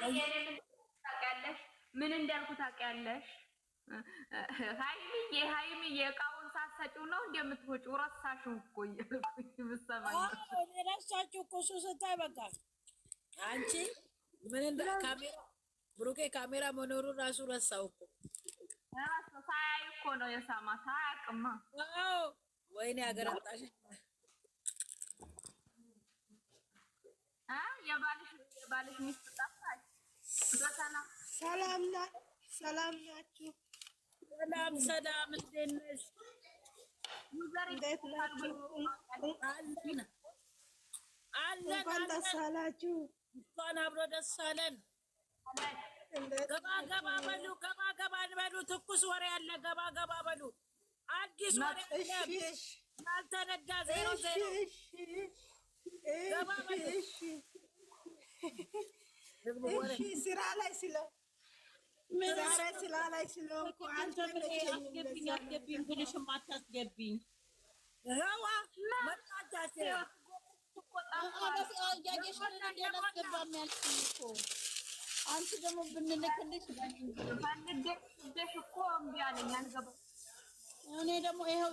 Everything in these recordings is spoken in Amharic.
ታውቂያለሽ፣ ምን እንዳልኩ ታውቂያለሽ? ሀይሚዬ ሀይሚዬ እቃውን ሳትሰጪው ነው እንደምትወጪው ረሳሽው እኮ እያልኩኝ እኮ እሱ ስታይ በቃ አንቺ ምን እንደ ካሜራ ብሩኬ ካሜራ መኖሩን ራሱ ረሳው እኮ ሳያይ እኮ ነው የሳማ ሳያቅማ ወይኔ ያገረጣሽ የባልሽ ሚስት ጣፍ ሰላም ሰላም ናችሁ? ሰላም ሰላም፣ እንዴት ነሽ? እንዴት ናችሁ? እንኳን ደስ አላችሁ። እንኳን አብሮ ደስ አለን። ገባ ገባ በሉ፣ ገባ ገባ በሉ። ትኩስ ወሬ አለ። ገባ ገባ በሉ። አዲስ ወሬ አለ። ያልተነዳ ዜሮ ዜሮ ገባ በሉ እሺ ስራ ላይ ስለ ዛሬ ስራ ላይ ስለሆንኩ አስገብኝ አስገብኝ ብልሽ ማታስገብኝ ዋ መጣቻሴ ያየሽ እንዳላስገባም ያልሽኝ እኮ አንቺ ደግሞ ብንልክልሽ ባንደሽ እኮ እምቢ አለኝ አልገባም እኔ ደግሞ ይኸው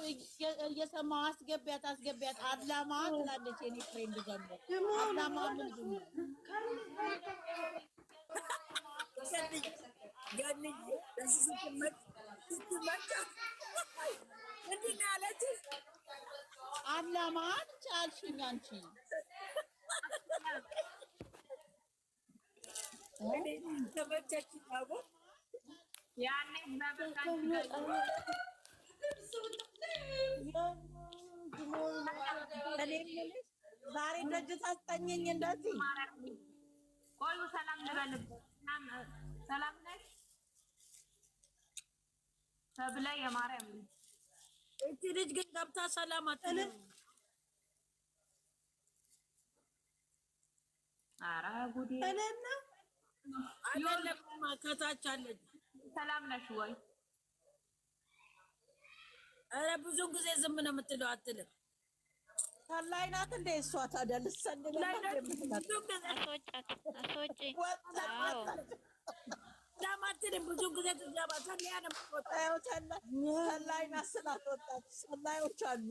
እየሰማሁ አስገቢያት አስገቢያት አድላማ ትላለች። የኔ ፍሬንድ ደግሞ አድላማ ምንድን ነው አድላማ አልሽኝ አንቺ ተመቸች ያኔ ዛሬ ደጅ ጸጥተኝኝ እንደዚህ ቆዩ። ሰላም ልበልበት። ሰላም ነሽ ተብለ የማርያም ልጅ እቺ ልጅ ግን ገብታ ሰላም አትልም። ኧረ ጉዴ! ከታች አለች። ሰላም ነሽ ወይ? ኧረ ብዙ ጊዜ ዝም ነው የምትለው፣ አትልም። ታላይ ናት እንደ እሷ ታዲያ ለማትልም ብዙ ጊዜ ታላይ ናት ስላት ወጣች። ሰላዮች አሉ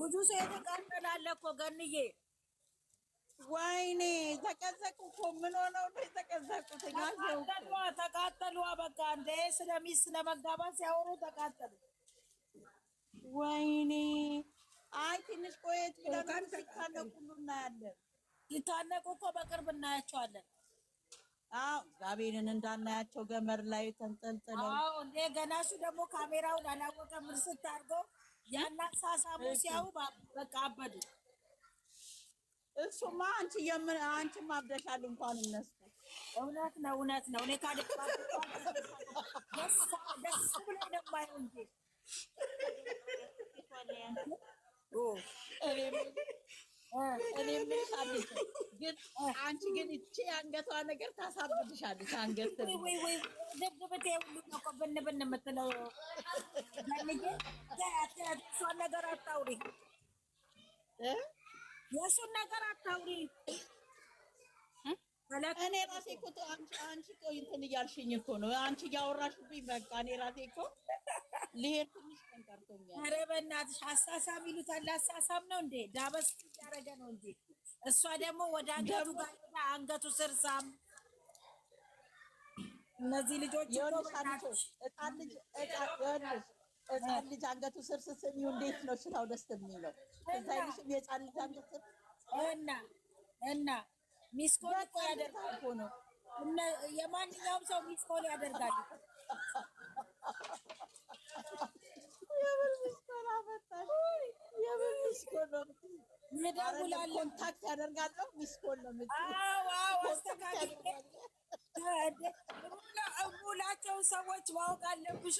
ብዙ ሰው የተቃጠላለ እኮ ገንዬ ወይኔ ዘቀዘቁ እኮ ምን ሆነው ነው የተቀዘቁት? ተቃጠሉ ተቃጠሉ። በቃ እንደ ሲያወሩ ተቃጠሉ። ወይኔ አይ ትንሽ ቆየት ብለን ሲታነቁ ሁሉ እናያለን። ሲታነቁ እኮ በቅርብ እናያቸዋለን። አዎ እግዚአብሔርን እንዳናያቸው ገመድ ላይ ተንጠልጥለው። አዎ እንደ ገና እሱ ደግሞ ካሜራውን አላወቀም። እርስት አድርገው ያናሳሳሙ ሲያዩ በቃ አበዱ። እሱማ አንቺ የምን አንቺ ማብደሻል። እንኳን እነሱ እውነት ነው እውነት ነው። እኔ ካደባደስ ደስ ብሎ እንጂ እኔ ግን አንቺ ግን እቺ አንገቷ ነገር ታሳብድሻለች። አንገት ድብድብቴ ሁሉ ብን ብን የምትለው እሷን ነገር አታውሪ የእሱን ነገር አታውሪ። እኔ ራሴ እኮ አንቺ ቆይ እንትን እያልሽኝ እኮ ነው አንቺ እያወራሽብኝ። በቃ እኔ ራሴ እኮ ልሄድ ትንሽ ቀን ቀርቶኛል። ኧረ በእናትሽ አሳሳም ይሉታል። አሳሳም ነው እንዴ? ዳበስ እያደረገ ነው እንዴ? እሷ ደግሞ ወደ አንገቱ ጋር አንገቱ ስር ሳም። እነዚህ ልጆች ህፃን ልጅ አንገቱ ስር ስትሰሚው እንዴት ነው ሽታው ደስ የሚለው? እዛ አይልሽም? የህፃን ልጅ አንገቱ ስር እና እና ሚስኮል እኮ ያደርጋል እኮ ነው። የማንኛውም ሰው ሚስኮል ያደርጋል። የምን ሚስኮል አመጣሽ? የምን ሚስኮል ነው? እደውላለሁ። ኮንታክት ያደርጋለሁ። ሚስኮል ነው የምትውላቸው ሰዎች ማወቅ አለብሻ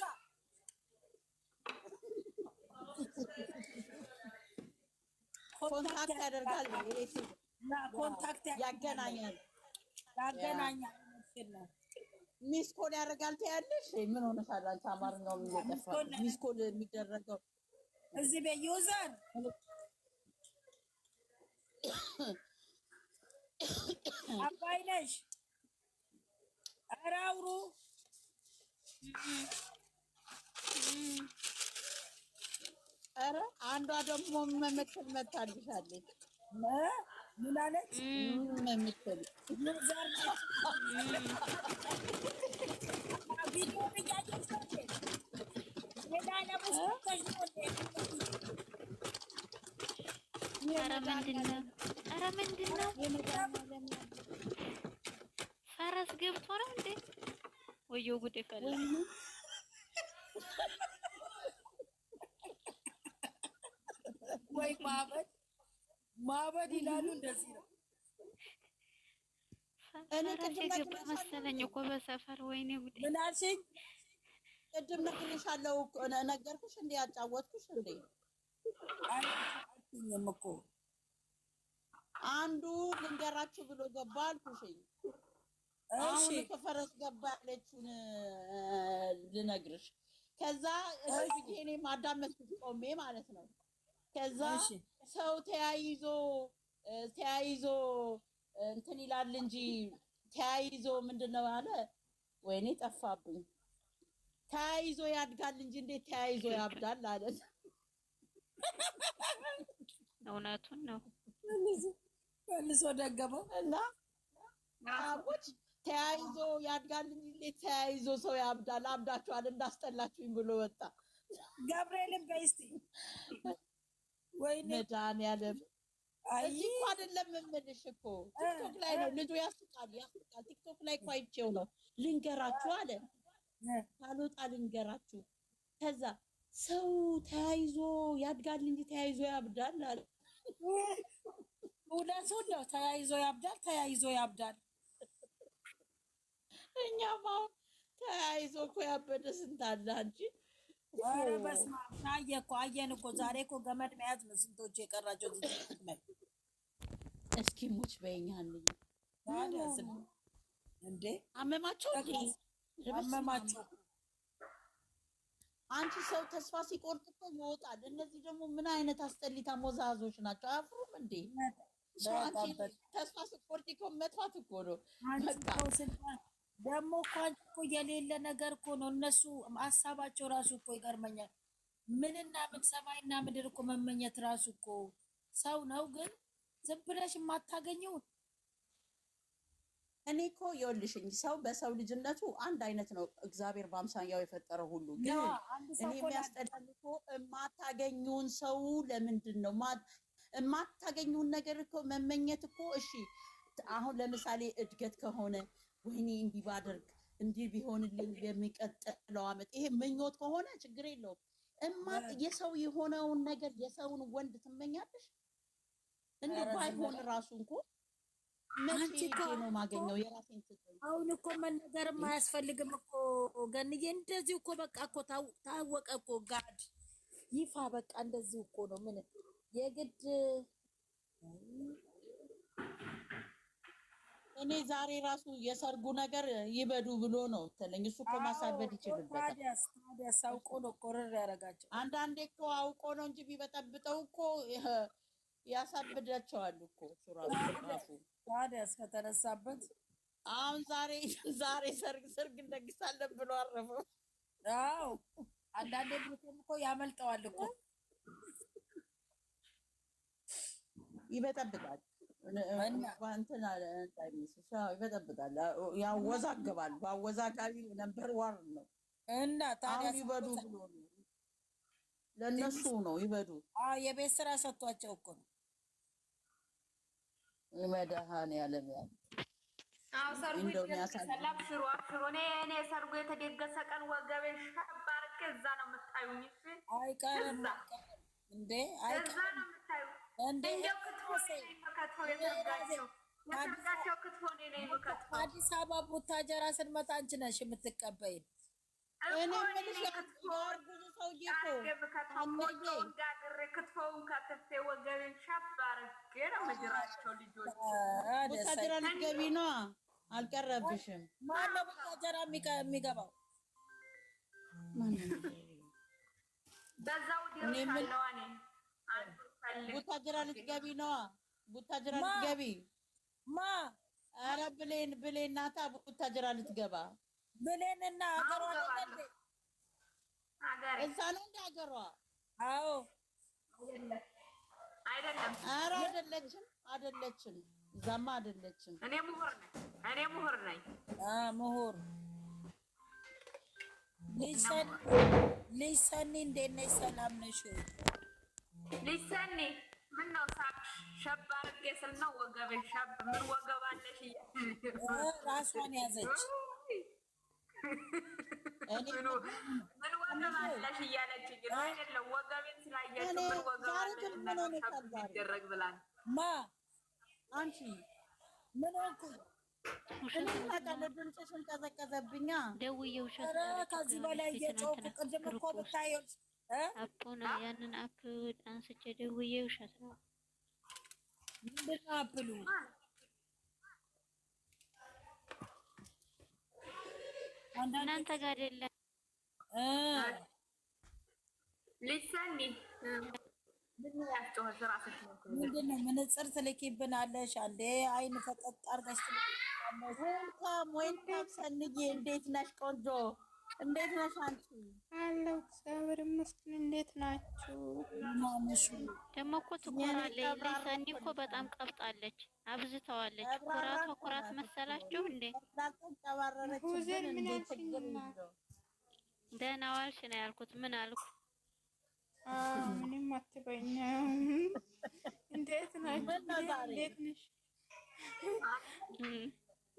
ኮንታክት ያደርጋል፣ ኮንታክት ያገናኛል፣ ያገናኛል ሚስኮል ያደርጋል። ታያለሽ፣ ምን ሆነሻል አንቺ? አማርኛው የሚጠፋ ሚስኮል የሚደረገው እዚህ በዩዘር አባይነሽ ኧረ አውሩ አንዷ ደግሞ መምትል መታልሻለች። ምን አለች? መምትል ኧረ ምንድን ነው? ኧረ ምንድን ነው? ፈረስ ገብቶ ነው እንዴ? ወየው ጉድ ይፈላል። ማበድ ይላሉ። እንደዚህ ነው። እኔ ቅድም መሰለኝ እኮ በሰፈር ወይኔ ጉዴ ምን አልሽኝ? ቅድም ነግሬሻለሁ፣ ነገርኩሽ እንዴ? ያጫወትኩሽ እንዴ? አልኩኝም እኮ አንዱ ልንገራችሁ ብሎ ገባ አልኩሽኝ። አሁን ከፈረስ ገባ ያለችውን ልነግርሽ። ከዛ እዚህ እኔ ማዳመጥኩት ቆሜ ማለት ነው። ከዛ ሰው ተያይዞ ተያይዞ እንትን ይላል እንጂ ተያይዞ ምንድን ነው አለ። ወይኔ ጠፋብኝ። ተያይዞ ያድጋል እንጂ እንዴት ተያይዞ ያብዳል አለ። እውነቱን ነው መልሶ ደገመው እና አቦች ተያይዞ ያድጋል እንጂ እንዴት ተያይዞ ሰው ያብዳል። አብዳችኋል፣ እንዳስጠላችሁኝ ብሎ ወጣ። ገብርኤልን በይ እስኪ መድኃኒዓለም እዚህ እኮ አይደለም የምልሽ እኮ ቲክቶክ ላይ ነው። ልጁ ያስቃል ያስቃል። ቲክቶክ ላይ እኮ አይቼው ነው። ልንገራችሁ አለ ካልወጣ ልንገራችሁ። ከዛ ሰው ተያይዞ ያድጋል እንጂ ተያይዞ ያብዳል አለ። እውነቱን ነው። ተያይዞ ያብዳል፣ ተያይዞ ያብዳል። እኛማ አሁን ተያይዞ እኮ ያበደ ስንት አለ አንቺ አየን እኮ ዛሬ እኮ ገመድ መያዝ ነው ስንቶቹ የቀራቸው። እስኪ ሙች እንዴ አመማቸው አመማቸው። አንቺ ሰው ተስፋ ሲቆርጥ እኮ ይወጣል። እነዚህ ደግሞ ምን አይነት አስጠሊታ ሞዛዞች ናቸው? አያፍሩም እንዴ? ተስፋ ሲቆርጥ እኮ መጥፋት እኮ ነው ደግሞ እኮ የሌለ ነገር እኮ ነው። እነሱ ሀሳባቸው ራሱ እኮ ይገርመኛል። ምንና ምን ሰማይና ምድር እኮ መመኘት ራሱ እኮ ሰው ነው፣ ግን ዝም ብለሽ የማታገኘው እኔ እኮ የወልሽኝ ሰው በሰው ልጅነቱ አንድ አይነት ነው። እግዚአብሔር በአምሳያው የፈጠረው ሁሉ ግን እኔ የሚያስጠላኝ እኮ የማታገኘውን ሰው ለምንድን ነው የማታገኘውን ነገር እኮ መመኘት እኮ እሺ አሁን ለምሳሌ እድገት ከሆነ ወይኔ እንዲህ ባደርግ እንዲህ ቢሆንልኝ የሚቀጥለው ዓመት ይሄ ምኞት ከሆነ ችግር የለውም። እማ የሰው የሆነውን ነገር የሰውን ወንድ ትመኛለሽ? እንደ ባይሆን ራሱ እንኮ መቼ ነው ማገኘው? የራሴን አሁን እኮ መነገርም አያስፈልግም እኮ ገንዬ፣ እንደዚህ እኮ በቃ እኮ ታወቀ እኮ ጋድ ይፋ በቃ እንደዚህ እኮ ነው። ምን የግድ እኔ ዛሬ ራሱ የሰርጉ ነገር ይበዱ ብሎ ነው ትለኝ። እሱ እኮ ማሳበድ ይችልበታል። አውቆ ነው ቆረር ያደርጋቸው። አንዳንዴ እኮ አውቆ ነው እንጂ ቢበጠብጠው እኮ ያሳብዳቸዋል እኮ እሱ ራሱ ታዲያስ ከተነሳበት አሁን ዛሬ ዛሬ ሰርግ ሰርግ እንደግሳለን ብሎ አረፈ። አዎ አንዳንዴ ብሩኬም እኮ ያመልጠዋል እኮ ይበጠብጣል። እንትን ይበጠብጣል፣ ያወዛግባል። በአወዛጋቢ ነበር ዋር ነው እና ታዲያ ይበዱ ብሎ ነው ለእነሱ ነው ይበዱ። የቤት ስራ ሰጥቷቸው እኮ ነው መድኃኒዓለም ያለ ሰርጉ የተደገሰ ቀን ወገቤን ሸባ እዛ ነው የምታዩኝ። እዛ ነው አዲስ አበባ ቡታጀራ ስንመጣ አንቺ ነሽ የምትቀበይን። እኔ የምልሽ ብዙ ሰውዬ እኮ ክትፎውን ከትፌ ወገቤን ሻባ አድርጌ ነው የምድራቸው ልጆች። ቡታጀራ ልትገቢ ነዋ፣ አልቀረብሽም። ማነው ቡታጀራ የሚገባው? በዛው ዲዮሽ አለዋ ቡታጅራ ልትገቢ ነዋ። ቡታጅራ ልትገቢ ማ? ኧረ ብሌን ብሌን ናታ ቡታጅራ ልትገባ ብሌን እና ሀገሯ እዛ ነው እንደ ሀገሯ። አዎ አይደለም። ኧረ አይደለችም፣ አይደለችም። እዛማ አይደለችም። እኔ ምሁር ነኝ፣ እኔ ምሁር ነኝ። ምሁር ልጅ ሰኒ፣ እንዴት ነሽ? ሰላም ነሽ? ሊሰኒ ምን ነው ሳቅሽ? ሸብ አድርጌ ስል ነው ወገቤ ሸብ። ምን ወገብ አለሽ? ራሷን ያዘች። ምን ወገብ አለሽ እያለችኝ አይደለም። ወገቤን ስላየች ምን ወገብ አለሽ ይደረግ ብላል። ማ አንቺ ምን ወኩኝ እኔ ድምፅሽን ቀዘቀዘብኛ። ደውዬ ውሸት ከዚህ በላይ የጮኩ ቅድም እኮ ብታየው አፑ ነው። ያንን አፕ አንስቼ ደውዬ ውሸት ነው። ምንድን ነው አፕሉ? እናንተ ጋር አይደለም ልሰኒ ምንድን ነው መነጽር ትልኪብናለሽ? አንዴ አይን ፈጠጥ አድርገሽ ትልኪብናለሽ። ወይንካም ወይንካም፣ ሰንዬ እንዴት ነሽ ቆንጆ እንዴት ነሽ አንቺ? አለሁ እግዚአብሔር ይመስገን። እንዴት ናችሁ? ደግሞ እኮ ትኮራለች። ሰኒ እኮ በጣም ቀብጣለች፣ አብዝተዋለች። ኩራቷ ኩራት መሰላችሁ እንዴ? ሁዘን ምን አልሽኝና? ደህና ዋልሽ ነው ያልኩት። ምን አልኩ? ምንም አትበኛ። እንዴት ናችሁ? እንዴት ነሽ?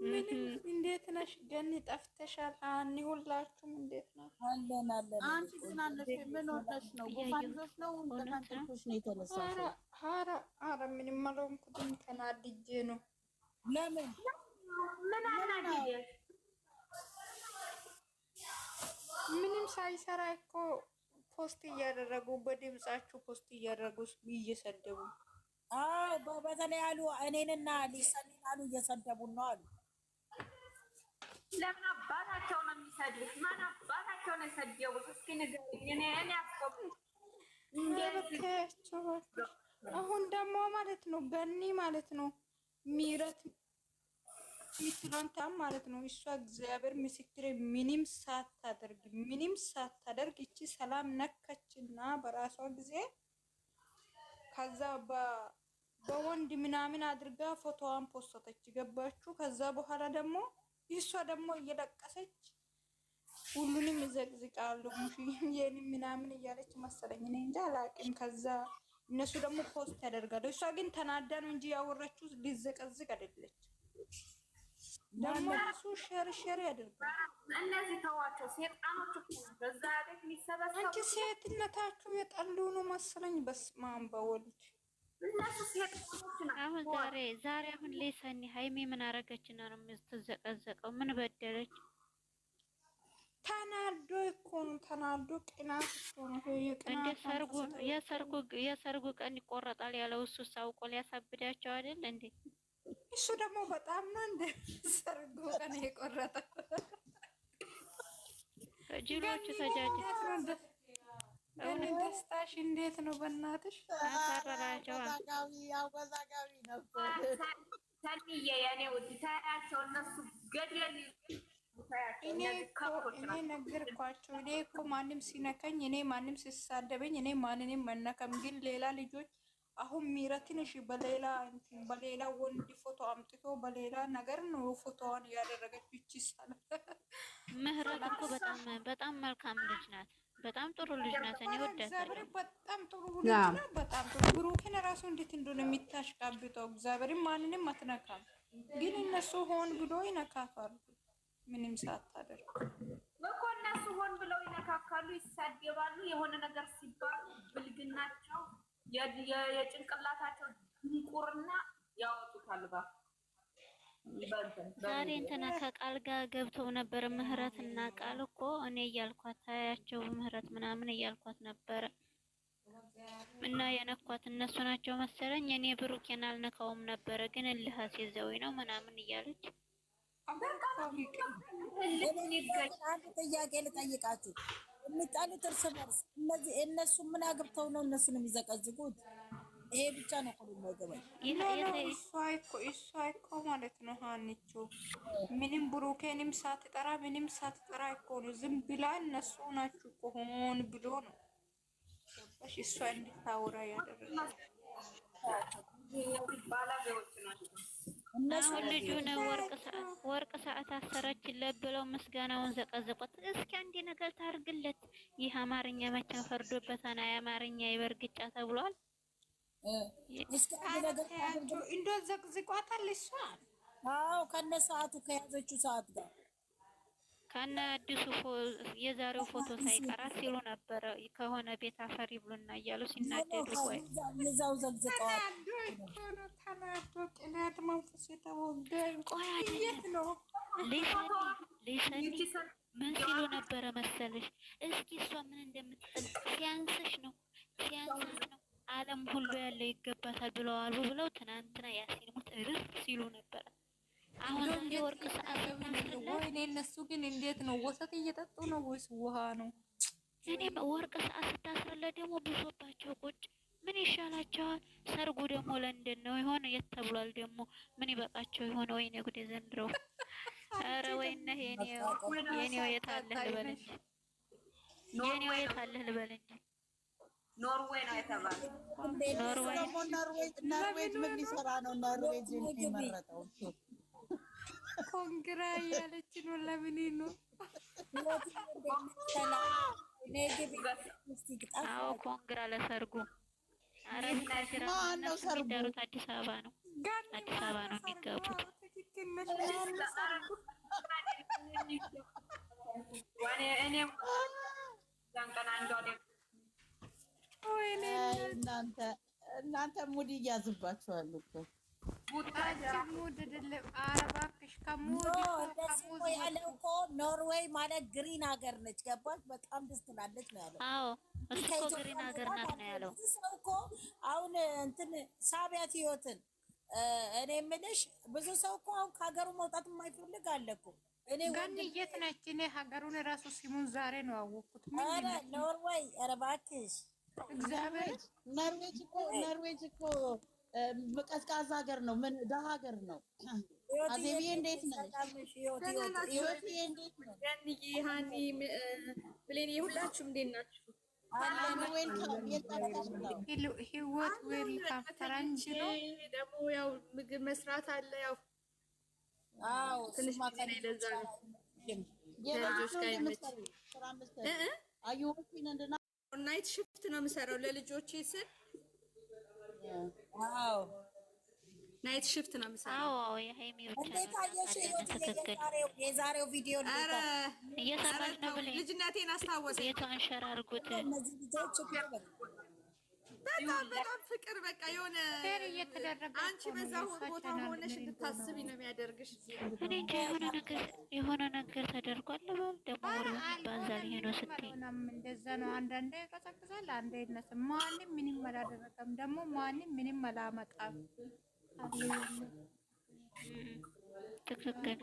ምንም እንዴት ነሽ? ገን ጠፍተሻል። አኒ ሁላችሁም እንዴት ነው? አለን አለን። አንቺ ግን አለሽ። ምን ሆነሽ ነው? ጉንፋን ይዞሽ ነው? ተካንተሽ ነው የተነሳሽ? ኧረ ኧረ ኧረ ምንም አልሆንኩም። ተናድጄ ነው። ለምን ምን አናድጄ? ምንም ሳይሰራ እኮ ፖስት እያደረጉ በድምጻችሁ ፖስት እያደረጉ እየሰደቡ አዎ፣ በተለይ አሉ እኔንና ሊሳኔን አሉ እየሰደቡን ነው አሉ ለምን አባታቸው ነው የሚሰድቡት? ማን አባታቸው ነው የሰደቡት? እስኪ ንገሪኝ። እኔ እኔ አስቆም ያስቆምቸው። አሁን ደግሞ ማለት ነው በኒ ማለት ነው ሚረት ትናንታም ማለት ነው እሷ እግዚአብሔር ምስክር ምንም ሳታደርግ ምንም ሳታደርግ እቺ ሰላም ነካችና በራሷ ጊዜ ከዛ በወንድ ምናምን አድርጋ ፎቶዋን ፖስቶተች ገባችሁ። ከዛ በኋላ ደግሞ እሷ ደግሞ እየለቀሰች ሁሉንም ይዘቅዝቃሉ ይህን ምናምን እያለች መሰለኝ እኔ እንጃ አላቅም። ከዛ እነሱ ደግሞ ፖስት ያደርጋሉ። እሷ ግን ተናዳ ነው እንጂ ያወራችው ሊዘቀዝቅ አይደለች። ደግሞ እሱ ሸር ሸር ያደርጋል። እነዚህ ተዋቸው ሴጣኖች እኮ በዛ ቤት የሚሰበሰቡ አንቺ ሴትነታችሁ የጠሉ ነው መሰለኝ። በስመ አብ በወልድ አሁን ዛሬ ዛሬ አሁን ሌሰኒ ሰኒ ሀይሜ ምን አረገች ነው የምትዘቀዘቀው? ምን በደለች? ተናዶ እኮ ነው ተናዶ፣ ቅናት እኮ ነው። የሰርጉ ቀን ይቆረጣል ያለው እሱ ሳውቆ ሊያሳብዳቸው አይደል እንዴ? እሱ ደግሞ በጣም ነው እንደ ሰርጉ ቀን የቆረጠ ጅሎቹ ተጃጅ እኔ ደስታሽ እንዴት ነው? በእናትሽ እኔ ነገርኳቸው። እኔ እኮ ማንም ሲነካኝ፣ እኔ ማንም ሲሳደበኝ፣ እኔ ማንንም መነከም ግን ሌላ ልጆች አሁን ሚረትን እሺ፣ በሌላ በሌላ ወንድ ፎቶ አምጥቶ በሌላ ነገር ነው ፎቶዋን ያደረገች። ይቺ ምህረት እኮ በጣም በጣም መልካም ልጅ ናት። በጣም ጥሩ ልጅ ናት። እኔ ወዳታለሁ። በጣም ጥሩ ልጅ ነው። በጣም ጥሩ ብሩክን ራሱ እንዴት እንደሆነ የሚታሽቃብጠው እግዚአብሔር ማንንም አትነካም፣ ግን እነሱ ሆን ብሎ ይነካፋሉ። ምንም ሳታደርግ እኮ እነሱ ሆን ብለው ይነካካሉ፣ ይሳደባሉ። የሆነ ነገር ሲባሉ ብልግናቸው የጭንቅላታቸው ድንቁርና ዛሬ እንትና ከቃል ጋር ገብተው ነበር ምህረት እና ቃል እኮ እኔ እያልኳት ታያቸው ምህረት ምናምን እያልኳት ነበረ እና የነኳት እነሱ ናቸው መሰለኝ። እኔ ብሩኬን አልነካውም ነበረ፣ ግን እልህ አስይዘውኝ ነው ምናምን እያለች። አንድ ጥያቄ ልጠይቃችሁ፣ የሚጣሉት እርስ በርስ እነዚህ እነሱ ምን አግብተው ነው እነሱን የሚዘቀዝጉት ይሄ ብቻ ነው ሁሉ የማይገባኝ። እሷ እኮ ማለት ነው ሀኒቾ ምንም ብሩኬንም ሳትጠራ ምንም ሳትጠራ እኮ ነው ዝም ብላ እነሱ ናችሁ እኮ ሆን ብሎ ነው ገባሽ? እሷ እንድታወራ ያደረገች ወርቅ ሰዓት አሰረችለት ብለው ምስጋናውን ዘቀዘቁት። እስኪ አንድ ነገር ታርግለት። ይህ አማርኛ መቼም ፈርዶበታና የአማርኛ ይበርግጫ ተብሏል። እንዶ ዘቅዝቋታል እሷ። አዎ ከነ ሰዓቱ ከያዘችው ሰዓት ጋር ከነ አዲሱ የዛሬው ፎቶ ሳይቀራት ሲሉ ነበረ። ከሆነ ቤት አፈሪ ብሎና እያሉ ሲናደዱ ምን ሲሉ ነበረ መሰለሽ? እስኪ እሷ ምን እንደምትል ሲያንስሽ ነው ሲያንስሽ ነው ዓለም ሁሉ ያለው ይገባታል ብለዋል ብለው ትናንትና ያሲን ሞት እርፍ ሲሉ ነበረ። አሁን አንድ ወርቅ ሰዓት ወይኔ፣ እነሱ ግን እንዴት ነው ወሰት እየጠጡ ነው ወይስ ውሃ ነው? እኔ ወርቅ ሰዓት ስታስረለት ደግሞ ብሶባቸው ቁጭ ምን ይሻላቸዋል? ሰርጉ ደግሞ ለንደን ነው የሆነ የት ተብሏል። ደግሞ ምን ይበቃቸው የሆነ ወይኔ ጉዴ ዘንድሮ። ኧረ ወይኔ የኔው የኔው የታለህ ልበል እንጂ የኔው የታለህ ልበል እንጂ ኖርዌይ ነው የተባለው። ኖርዌይ ምን ሊሰራ ነው? ኖርዌይ የሚመረጠው ኮንግራ ያለች ነው። ለምን ነው ኮንግራ? ለሰርጉ ማነው ሰርጉ? አዲስ አበባ ነው። አዲስ አበባ ነው የሚጋቡት። እኔም እናንተ ሙድ እያዝባችኋል እኮ ያለው እኮ ኖርዌይ ማለት ግሪን ሀገር ነች። ገባች? በጣም ደስ ትላለች ነው ያለው። ሰው እኮ አሁን እንትን ሳቢያት ህይወትን እኔ የምልሽ ብዙ ሰው እኮ አሁን ከሀገሩ መውጣት የማይፈልግ አለ እኮ። የት ነች? እኔ ሀገሩን ራሱ ሲሙን ዛሬ ነው አወቅኩት። እግዚአብሔር ኖርዌጅ እኮ ቀዝቃዛ ሀገር ነው። ምን ደሀ ሀገር ነው። አዜብዬ እንዴት ነሽ? ሁላችሁም እንዴት ናችሁ? ህይወት ነው። ደግሞ ያው ምግብ መስራት አለ ያው ትንሽ ነው ልጆች ጋር ናይት ሽፍት ነው የምሰራው ለልጆቼ ስል ዋው ናይት ሽፍት ነው የምሰራው። አዎ የሃይሚ የዛሬው ቪዲዮ ልጅነቴን አስታወሰ። በጣም በጣም ፍቅር በቃ የሆነ አንቺ በዛ ቦታ ሆነሽ እንድታስቢ ነው የሚያደርግሽ። እኔ እንጃ የሆነ ነገር የሆነ ነገር ተደርጓል። ደግሞ ወሬው ይሄ ነው ስትይ እንደዛ ነው። አንዳንዴ ይቀሰቅሳል፣ አንዴ ይነስ። ማንም ምንም አላደረገም፣ ደግሞ ማንም ምንም አላመጣም። ትክክል